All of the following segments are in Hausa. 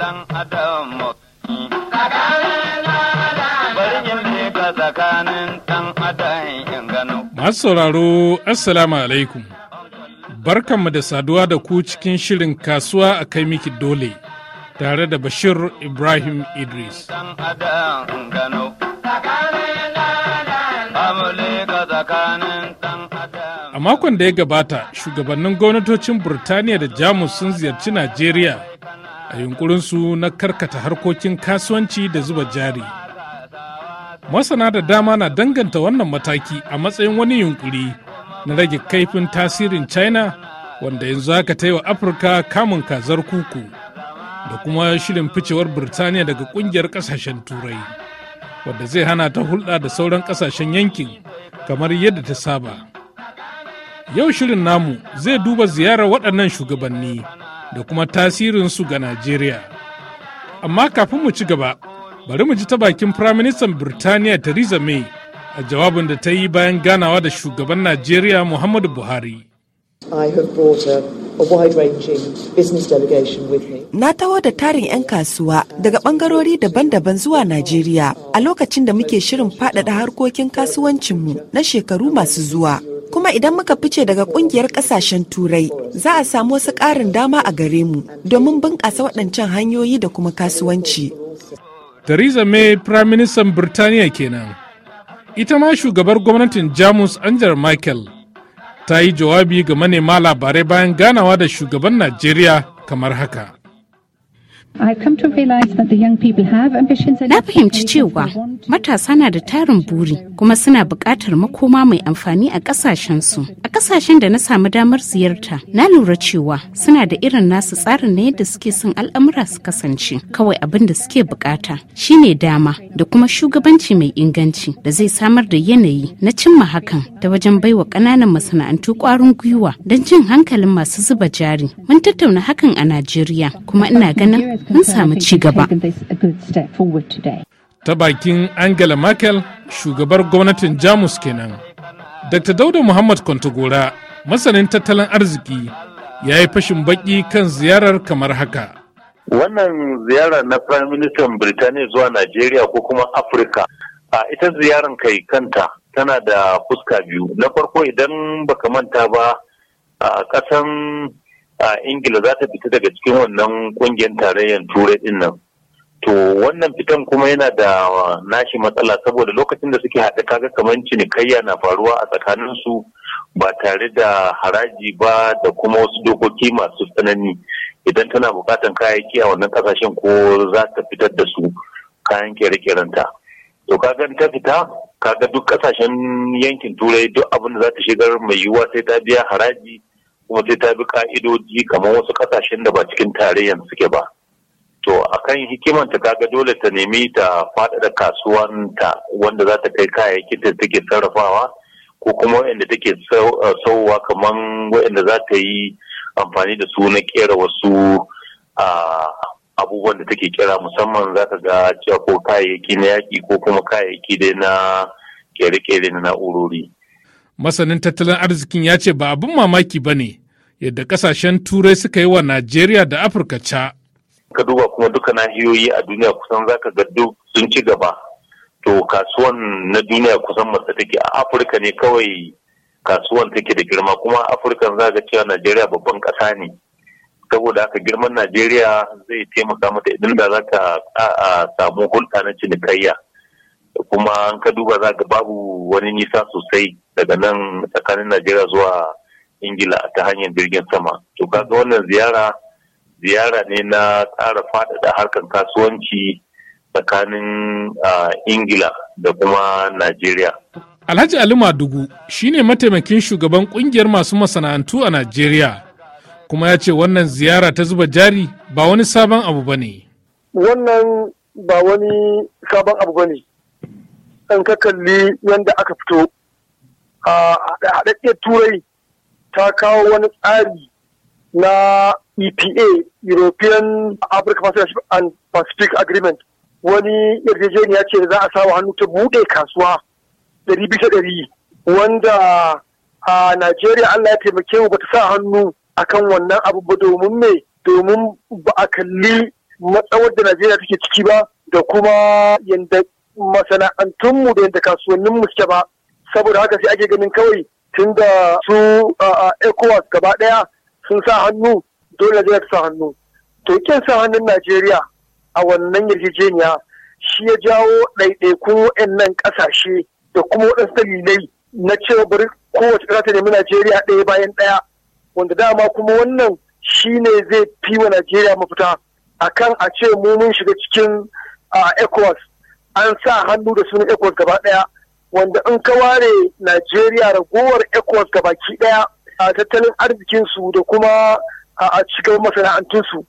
dan adam Masu sauraro, Assalamu alaikum. Barkanmu da saduwa da ku cikin shirin kasuwa a kai miki dole tare da Bashir Ibrahim Idris. A makon da ya gabata, shugabannin gwamnatocin Burtaniya da Jamus sun ziyarci Najeriya a yunkurinsu na karkata harkokin kasuwanci da zuba jari masana da dama na danganta wannan mataki a matsayin wani yunkuri na rage kaifin tasirin china wanda yanzu haka ta yi wa afirka kamun kazar kuku da kuma shirin ficewar birtaniya daga kungiyar kasashen turai wadda zai hana ta hulɗa da sauran ƙasashen yankin kamar yadda ta saba yau shirin namu zai duba ziyarar waɗannan shugabanni da kuma tasirinsu ga Najeriya. Amma kafin mu ci gaba, bari mu ji ta bakin Firaministan Birtaniya Theresa May a jawabin da ta yi bayan ganawa da shugaban Najeriya Muhammadu Buhari. Na taho da tarin 'yan kasuwa daga bangarori daban-daban zuwa Najeriya a lokacin da muke shirin faɗaɗa harkokin kasuwancinmu na shekaru masu zuwa. kuma idan muka fice daga kungiyar kasashen turai za a samu wasu ƙarin dama a gare mu domin bunƙasa waɗancan hanyoyi da kuma kasuwanci. Theresa May Prime Minister Birtaniya kenan. Ita ma shugabar gwamnatin Jamus Angela Merkel ta yi jawabi ga manema labarai bayan ganawa da shugaban Najeriya kamar haka. Na fahimci cewa matasa na da tarin buri kuma suna buƙatar makoma mai amfani a ƙasashensu. A ƙasashen da na samu damar ziyarta, na lura cewa suna da irin nasu tsarin na yadda suke son al'amura su kasance. Kawai abin da suke buƙata shine dama da kuma shugabanci mai inganci da zai samar da yanayi na cimma hakan ta wajen baiwa ƙananan masana'antu ƙwarin gwiwa don jin hankalin masu zuba jari. Mun tattauna hakan a Najeriya kuma ina ganin mun samu ci gaba. Ta bakin Angela Merkel shugabar gwamnatin Jamus kenan. Dr. Dauda Muhammad Kwantagora masanin tattalin arziki ya yi fashin baki kan ziyarar kamar haka. Wannan ziyara na Prime Minister Birtaniya zuwa Najeriya ko kuma Afirka, a ita ziyarar kai kanta tana da fuska biyu. Na farko idan baka manta ba a ƙasan a ingila za ta fita daga cikin wannan kungiyar tarayyar turai din nan to wannan fitan kuma yana da nashi matsala saboda lokacin da suke haɗa kaga kamar cinikayya na faruwa a tsakanin su ba tare da haraji ba da kuma wasu dokoki masu tsanani idan tana bukatan kayayyaki a wannan kasashen ko za ta fitar da su kayan kere-kerenta to kaga ta fita kaga duk kasashen yankin turai duk abin da za ta shigar mai yiwuwa sai ta biya haraji kuma sai ta bi ka'idoji kamar wasu kasashen da ba cikin tarayyan suke ba to akan hikimanta kaga dole ta nemi ta faɗaɗa kasuwanta wanda za ta kai kayayyaki da take sarrafawa ko kuma wanda take eh, sauwa kamar wanda za ta yi amfani da su na kera wasu abubuwan da take kera musamman za ka ga cewa ko kayayyaki na yaƙi ko kuma kayayyaki dai na kere-kere na na'urori. Masanin tattalin arzikin ya ce ba abin mamaki ba ne yadda kasashen turai suka yi wa najeriya da afirka ca ka duba kuma duka nahiyoyi a duniya kusan zaka ga duk sun ci gaba to kasuwan na duniya kusan matsa take a afirka ne kawai kasuwan take da girma kuma afirka za ga cewa najeriya babban ƙasa ne saboda haka girman najeriya zai taimaka mata idan da za ka samu hulɗa na cinikayya kuma an ka duba za ga babu wani nisa sosai daga nan tsakanin najeriya zuwa ingila ta hanyar jirgin sama to kaga wannan ziyara ziyara ne na ƙara faɗaɗa harkar kasuwanci tsakanin ah, ingila da kuma najeriya alhaji ali madugu shine mataimakin shugaban kungiyar masu masana'antu a najeriya kuma ya ce wannan ziyara ta zuba jari ba wani sabon abu ba ne wannan ba wani sabon abu ba ne in ka kalli yadda aka fito ah, a haɗaɗɗiyar turai ta kawo wani tsari na EPA European Africa Partnership and Pacific Agreement wani yarjejeniya ce da za a sawa hannu ta buɗe kasuwa ɗari bisa ɗari wanda a Najeriya Allah ya taimake mu bata sa hannu akan wannan abu ba domin me domin ba a kalli matsawar da Najeriya take ciki ba da kuma yadda masana'antunmu da yadda kasuwanninmu suke ba saboda haka sai ake ganin kawai tunda su ECOWAS gaba ɗaya sun sa hannu dole zai sa hannu. To kin sa hannun Najeriya a wannan yarjejeniya shi ya jawo ɗaiɗaikun nan ƙasashe da kuma waɗansu dalilai na cewa bari kowace ƙasa ta nemi Najeriya ɗaya bayan ɗaya wanda dama kuma wannan shi ne zai fi wa Najeriya mafita akan a ce mu mun shiga cikin ECOWAS an sa hannu da sunan ECOWAS gaba ɗaya. wanda in ka ware Najeriya ragowar ECOWAS ga baki ɗaya a tattalin arzikinsu da kuma a cikin masana'antunsu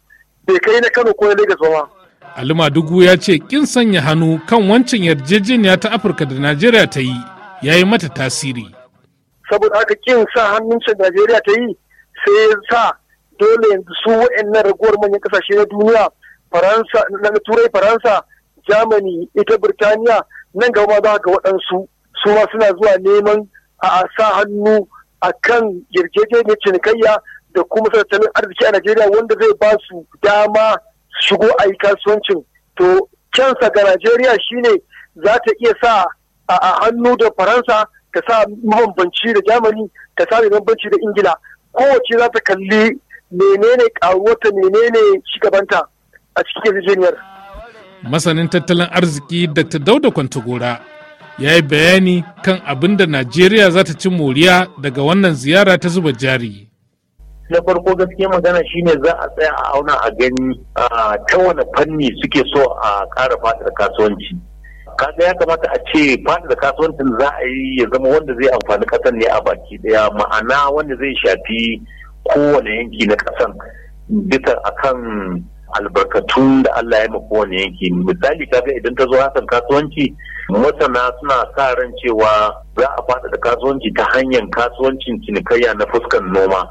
bai kai na Kano ko na Lagos ba. Ali Madugu ya ce kin sanya hannu kan wancan yarjejeniya ta Afirka da Najeriya ta yi ya yi mata tasiri. Saboda haka kin sa hannun Najeriya ta yi sai ya sa dole yanzu su wa'annan ragowar manyan kasashe na duniya Faransa na Turai Faransa Germany ita Birtaniya nan gaba za ga waɗansu su ma suna zuwa neman a sa hannu a kan yarjejeniyar cinikayya da kuma tattalin arziki a Najeriya wanda zai ba su dama shigo a yi kasuwancin. To kyansa ga Najeriya shine za ta iya sa a hannu da Faransa ta sa mabambanci da Jamani ta sa mabambanci da Ingila. Kowace za ta kalli menene karuwarta menene shigabanta a cikin yarjejeniyar. Masanin tattalin arziki Dr. Dauda Kwantagora ya yi bayani kan abin da najeriya za ta ci moriya daga wannan ziyara ta zuba jari na farko gaskiya magana shine za a tsaya a auna a gani a ta wani fanni suke so a kara fadar kasuwanci kaga ya kamata a ce fadar kasuwancin za a yi ya zama wanda zai amfani ƙasar ne a baki daya ma'ana wanda zai shafi kowane yanki na ƙasar a kan albarkatun da Allah ya ma kowane yanki misali kaga idan ta zo hasan kasuwanci masana suna sa ran cewa za a faɗaɗa kasuwanci ta hanyar kasuwancin cinikayya na fuskan noma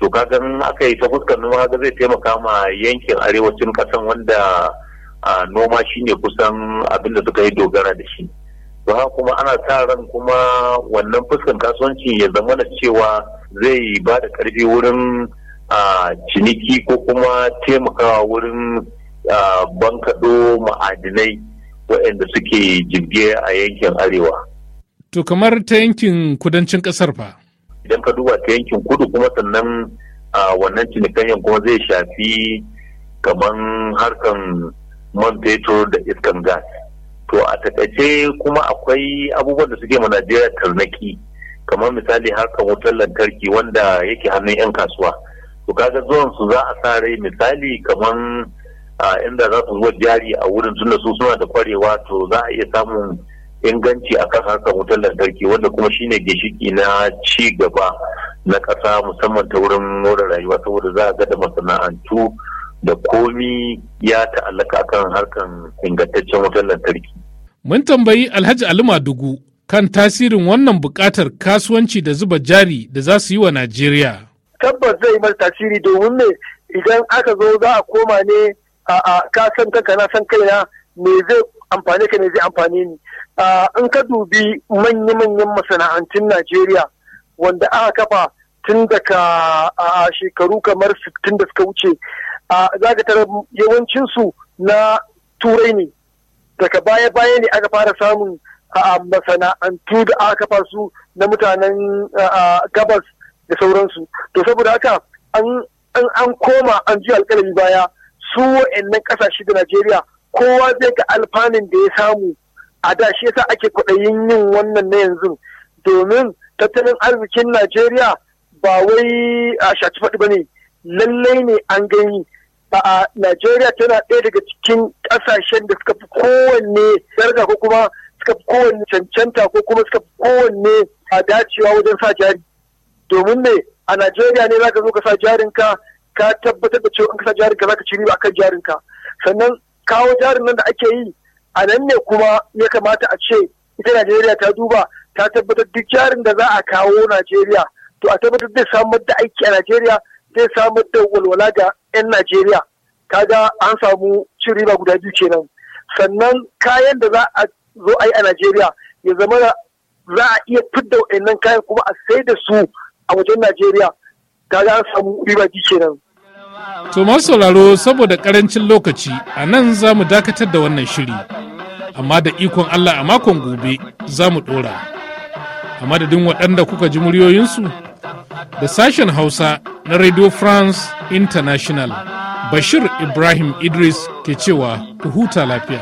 to in aka yi ta fuskan noma haka zai taimaka ma yankin arewacin kasan wanda noma shine kusan abin da suka yi dogara da shi to haka kuma ana sa ran kuma wannan fuskan kasuwanci ya zama na cewa zai ba da karfi wurin ciniki ko kuma taimakawa wurin bankaɗo ma'adinai waɗanda suke jirge a yankin arewa. To kamar ta yankin kudancin ƙasar fa? Idan ka duba ta yankin kudu kuma sannan a wannan cinikanyan kuma zai shafi kamar harkan man fetur da iskan gas. To a taƙaice kuma akwai abubuwan da suke ma Najeriya tarnaki kamar misali harkan wutar lantarki wanda yake hannun 'yan kasuwa. To kaga zuwan su za a sa rai misali kamar inda za su zuwa jari a wurin tunda su suna da kwarewa to za a iya samun inganci a kan harkar wutar lantarki wanda kuma shine ginshiki na ci gaba na ƙasa musamman ta wurin more rayuwa saboda za a ga masana'antu da komi ya ta'allaka akan harkan ingantaccen wutar lantarki. Mun tambayi Alhaji Ali Dugu kan tasirin wannan bukatar kasuwanci da zuba jari da za su yi wa Najeriya. Tabbas zai mata tasiri domin ne idan aka zo za a koma ne a'a ka san kanka na san kaina me zai amfane ka ne zai amfane ni in ka dubi manya-manyan masana'antun Najeriya wanda aka kafa tun daga shekaru kamar 60 da suka wuce za ka tara yawancinsu na turai ne daga baya-baya ne aka fara samun masana'antu da aka kafa su na mutanen gabas da sauransu to saboda haka an koma an ji alkalami baya su wa'annan kasashe da Najeriya kowa zai ga alfanun da ya samu a da shi yasa ake kwaɗayin yin wannan na yanzu domin tattalin arzikin Najeriya ba wai a shaci faɗi ba ne lallai ne an gani ba a Najeriya tana ɗaya daga cikin ƙasashen da suka fi kowanne daraja ko kuma suka fi kowanne cancanta ko kuma suka fi kowanne a dacewa wajen sa jari domin ne a Najeriya ne za ka zo ka sa jarinka ka tabbatar da cewa in ka jarin ka zaka ci riba akan jarin ka sannan kawo jarin nan da ake yi a nan ne kuma ya kamata a ce ita Najeriya ta duba ta tabbatar duk jarin da za a kawo Najeriya to a tabbatar zai samar da aiki a Najeriya zai samar da walwala ga 'yan Najeriya kaga an samu cin riba guda biyu kenan sannan kayan da za a zo a yi a Najeriya ya zama za a iya fidda wa'annan kayan kuma a sai da su a wajen Najeriya kaga an samu riba kenan to masu sauraro saboda karancin lokaci a nan za mu dakatar da wannan shiri amma da ikon Allah a makon gobe za mu ɗora. A madadin waɗanda kuka ji muryoyinsu da sashen Hausa na Radio France International, Bashir Ibrahim Idris ke cewa ku huta lafiya.